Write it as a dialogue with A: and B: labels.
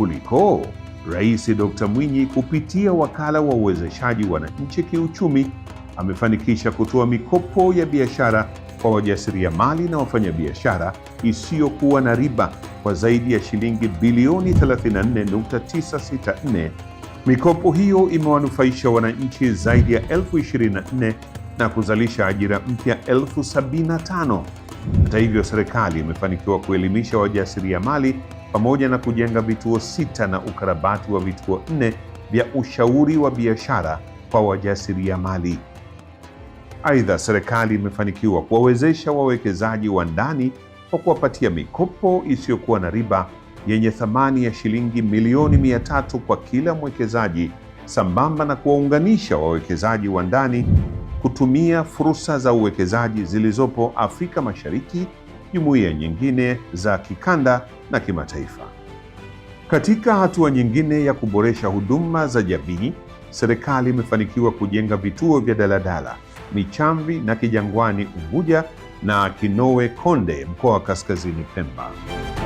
A: Kuliko Rais Dr. Mwinyi kupitia wakala wa uwezeshaji wananchi kiuchumi amefanikisha kutoa mikopo ya biashara kwa wajasiriamali na wafanyabiashara isiyokuwa na riba kwa zaidi ya shilingi bilioni 34.964. Mikopo hiyo imewanufaisha wananchi zaidi ya elfu 24 na kuzalisha ajira mpya elfu 75. Hata hivyo, serikali imefanikiwa kuelimisha wajasiriamali pamoja na kujenga vituo sita na ukarabati wa vituo nne vya ushauri wa biashara kwa wajasiriamali. Aidha, serikali imefanikiwa kuwawezesha wawekezaji wa ndani kwa kuwapatia mikopo isiyokuwa na riba yenye thamani ya shilingi milioni mia tatu kwa kila mwekezaji sambamba na kuwaunganisha wawekezaji wa ndani kutumia fursa za uwekezaji zilizopo Afrika Mashariki jumuiya nyingine za kikanda na kimataifa. Katika hatua nyingine ya kuboresha huduma za jamii, serikali imefanikiwa kujenga vituo vya daladala Michamvi na Kijangwani Unguja na Kinowe Konde mkoa wa Kaskazini Pemba.